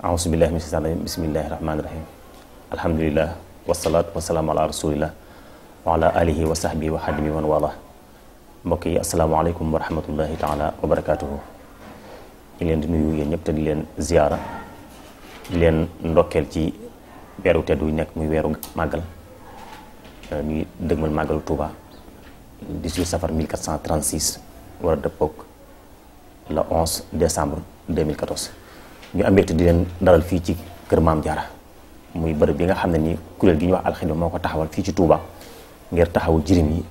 Bismillahirrahmanirrahim. Alhamdulillah wassalatu wassalamu ala Rasulillah wa ala alihi wa sahbihi wa hadimi wa taala wabarakatuh. barakatuhu. di nuyu yéen ñëpp te di leen ziyaara di ci weeru tedd wi nekk muy weeru euh, Touba 18 safar 1436 le 11 décembre 2014. ñu am mbégte di leen dalal fii ci kër maam Diarra muy bërëb bi nga xam ne nii kuréel gi ñuy wax alxidma moo ko taxawal fii ci Touba ngir taxawu jirim yi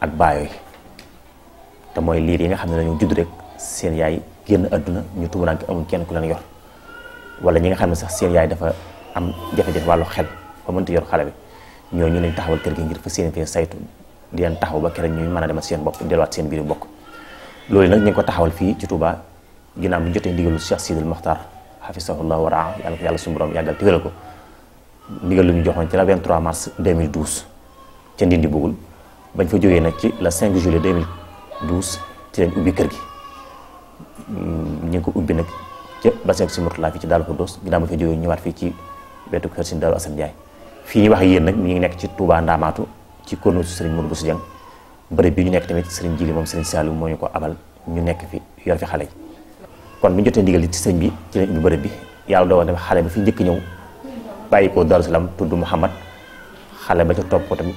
ak baayo te mooy liir yi nga xam ne dañoo judd rek seen génn àdduna ñu tumuraanke amul kenn ku leen yor wala ñi nga xam ne sax seen yaay dafa am jafe-jafe wàllu xel ba mënta yor xale bi ñoo ñu lañ taxawal kër gi ngir fa saytu di taxaw ba kere ñuy mën a demal seen bopp delluwaat seen biir bokk loolu nag ñu ko taxawal fii ci Touba ginnaaw bi jotee ndigalu Cheikh Sidil Mokhtar hafisahullah wa raa yalla ko yàlla suñu borom yagal tigal ko digal lu ñu joxoon ci la 23 mars 2012 ci Ndindi bugul bañ fa jógee nak ci la 5 juillet 2012 ci lañ ubi kër gi mm, ñu ngi ko ubbi nag ca bassin si Mourtala fi ci dal ko dos dina ma fa jógee ñëwaat fi ci wetu kër si dal Assane jaay fi ñi wax yeen nak ñi nekk ci Touba ndamatu ci kono ci Serigne mourou Bousso Dieng bërëb bi ñu nekk tamit Serigne Jili mom Serigne Saliou moñu ko abal ñu nekk fi yor fi xalé yi kon bi ñu jotee ndigal ci sëñ bi ci lañ ubbi bërëb bi yàlla dogal tamit xale bi fi njëkk ñëw bàyyi ko Darou Salaam tudd Mouhamad xale ba ca topp ko tamit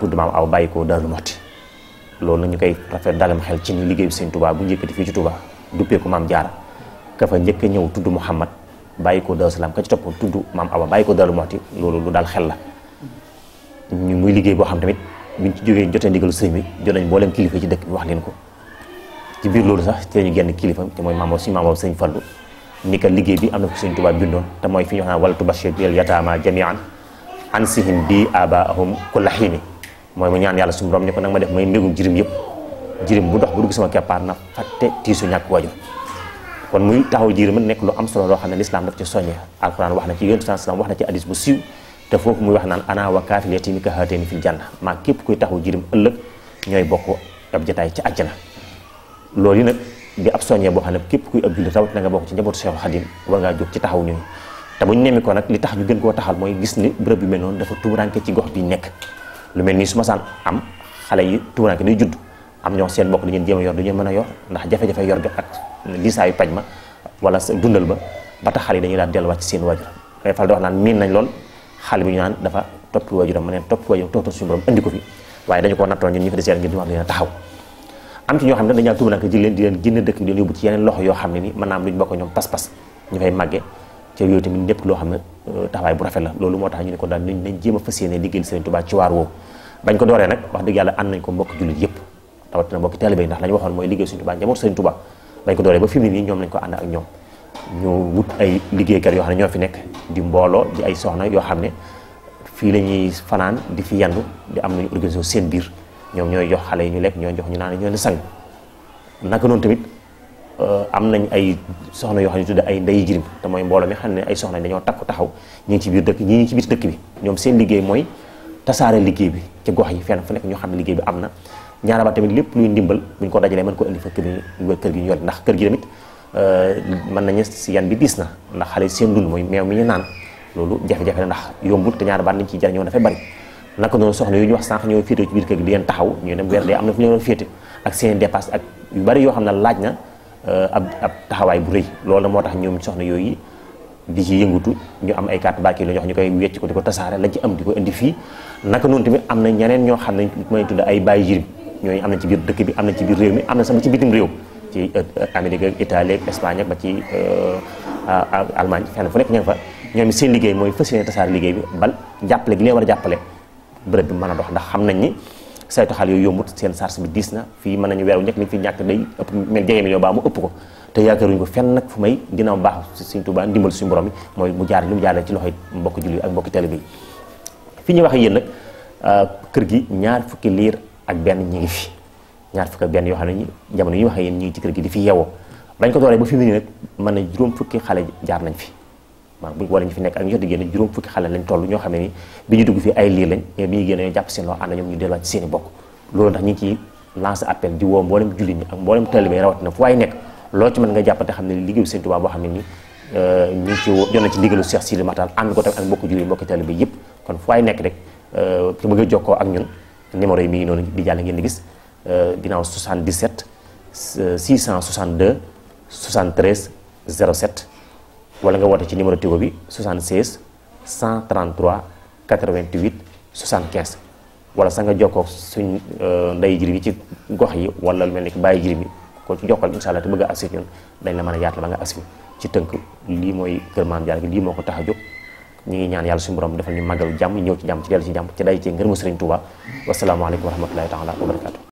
tudd maam aw bàyyi ko Darou Moti loolu la koy rafet dalam xel ci ni liggéey bi bu njëkkati fii ci Touba duppee ko ka fa njëkk tudd Mouhamad bàyyi ko Darou Salaam ka ci topp tudd maam awa bàyyi ko Darou Moti loolu lu daal xel la ñu muy liggéey boo xam tamit buñ ci jógee jotee ndigalu sëñ bi jot nañ mboolem kilifa ci dëkk bi wax leen ko ci biir loolu sax ci lañu genn kilifa te mooy maamoom si maamoom sëñ Fallu ni ka liggéey bi am na ko sëñ Tuubaa bindoon te mooy fi ñu xam walatu bashir bil yataama jamian sihim bi abaahum kulla xiini mooy mu ñaan yàlla suñu borom ni ko nag ma def may mbégum jirim yëpp jirim bu dox bu dugg sama keppaar na fàtte tiisu ñàkk wajur kon muy taxaw jirim nekk lu am solo loo xam ne lislaam daf ci soññe alquran wax na ci yonent sallam wax na ci hadis bu siiw te foofu muy wax naan ana wa kaafil yatimi ka haatayni fil janna maa képp kuy taxaw jirim ëllëg ñooy bokk ab jataay ci àjjana loolu yi nag di ab soññee boo xam ne képp kuy ab jullit rawat na nga bokk ci njabootu Cheikh Khadim war ngaa jóg ci taxaw ñooñu te bu ñu nemmi ko nag li tax ñu gën koo taxal mooy gis ni bërëb bi mel noonu dafa tuuranke ci gox bi nekk lu mel nii su ma saan am xale yi tuuranke day judd am ñoo seen bokk dañu jéem a yor dañu mën a yor ndax jafe-jafe yor bi ak lisaayu pañ ma wala dundal ba ba tax xale yi dañuy daal delluwaat ci seen wajur. day fal di wax naan miin nañ lool xale bi ñu naan dafa toppi waajuram ma neen toppi waajuram toog suñu borom andi ko fi waaye dañu ko nattoo ñun ñu fi desee ngir di wax leen taxaw am ci ñoo xam ne dañaa tuuma nag di leen di leen génn dëkk bi leen yóbbu ci yeneen loxo yoo xam ne ni ñoom pas-pas ñu fay màgge ca yooyu tamit népp loo xam ne euh, taxawaay bu rafet la loolu moo tax ñu ne ko daal nañ nañ jéem a fas yéene liggéeyal Sëriñ Tuubaa ci waar woowu bañ ko dooree nag wax dëgg yàlla ànd nañ ko mbokk jullit yëpp rawatina mbokki taalibe ndax la waxoon mooy liggéey Sëriñ Tuubaa njaboot Sëriñ Tuubaa bañ ko dooree ba fi nii ñoom yoo xam ne ñoo fi nekk di mbooloo di ay soxna yoo xam ne fii la ñuy fanaan di fi yandu di am nañu organisé seen biir ñoom ñooy jox xale yi ñu lekk ñooy jox ñu naan ñoo leen sang naka noonu tamit euh, am nañ ay soxna yoo xam ne tudde ay ndeyi jirim te mooy mbooloo mi xam ne ay soxna dañoo takk taxaw ñi ngi ci biir dëkk ñi ngi ci biir dëkk bi ñoom seen liggéey mooy tasaare liggéey bi ci gox yi fenn fu ñoo xam ne liggéey bi am na ñaara ba tamit lépp luy ndimbal buñ ko dajalee mën ko indi fa kër gi ñu yor ndax kër gi tamit euh, mën nañu si yan bi diis na ndax xale seen dund mooy meew mi ñu naan loolu jafe-jafe ndax yombul te ñaara baat nañ ci jariñoo dafay bari naka noonu soxna yu ñu wax sànq ñoo féete ci biir kër gi di leen taxaw ñu dem weer am na laaj na euh, ab ab taxawaay bu rëy loolu moo tax ñoom soxna yooyu di ci yëngutu ñu am ay carte barke la ñu wecc ko ko tasaare lañ ci am di ko indi fii naka noonu tamit am na ñeneen ñoo xam ne may tudd ay bàyyi jirim ñooñu am ci biir dëkk bi am na ci biir mi am na sax ba ci bitim réew ci euh, Amérique ba ci euh, Allemagne fenn fu nekk ña ñoom seen liggéey mooy fas yéene tasaare liggéey bi bal jàppale gi leen war a jàppale bërëb bi mën a dox ndax xam nañ ni saytu xal yooyu yombut seen charge bi diis na fii mën nañu weeru njëkk liñ fi ñàkk day ëpp mel jege million baa mu ko te yaakaaruñu ko fenn nag fu may ginnaaw baax Sëriñ Tuubaa ndimbal suñu borom mooy mu jaar li mu jaarale ci loxoy mbokki julli ak mbokki taalibe yi fi ñuy waxee yéen nag euh, kër gi ñaar fukki liir ak benn ñi ngi fi ñaar fukki ak benn yoo xam ne ñi jamono yi waxee yéen ñi ngi ci kër gi di fi yeewoo bañ ko dooree ba fi mu ne nag mën na juróom fukki xale jaar nañ fi maanaam wala ñu fi nekk ak ñu jot a génn juróom fukki xale lañ toll ñoo xam ne ni bi ñu dugg fii ay lii lañ mais bi ñu génn ñoo jàpp seen loo ànd ñoom ñu delluwaat ci seen i bokk loolu ndax ñu ngi ciy lancé appel di woo mboolem jullit ñi ak mboolem talibé rawatina fu waay nekk loolu ci mën nga jàppate liggéeyu Sëriñ Tuubaa boo xam ne euh, ngi ci jot na ci ndigalu Cheikh Sidi Matal ànd ko tamit ak mbokki jullit mbokki talibé yëpp kon fu waay nekk rek ci euh, bëgg a jokkoo ak ñun numéro yi mi noonu di jàll ngeen gis euh, ginnaaw wala nga wote ci numéro Tigo bi 76 133 88 75 wala sa nga joko suñ eh, nday jiri bi ci gox yi wala lu melni baye jiri bi ko ci jokal inshallah te bëgg assi ñun dañ la mëna yaatal ba nga assi ci teunk li moy kër maam jaar gi li moko taxaju ñi ngi ñaan yalla suñu borom defal ñu magal jamm ñew ci jamm ci del ci jamm ci day ci ngërëmu Sëriñ Tuuba wasalaamaaleykum alaykum warahmatullahi taala wa barakatu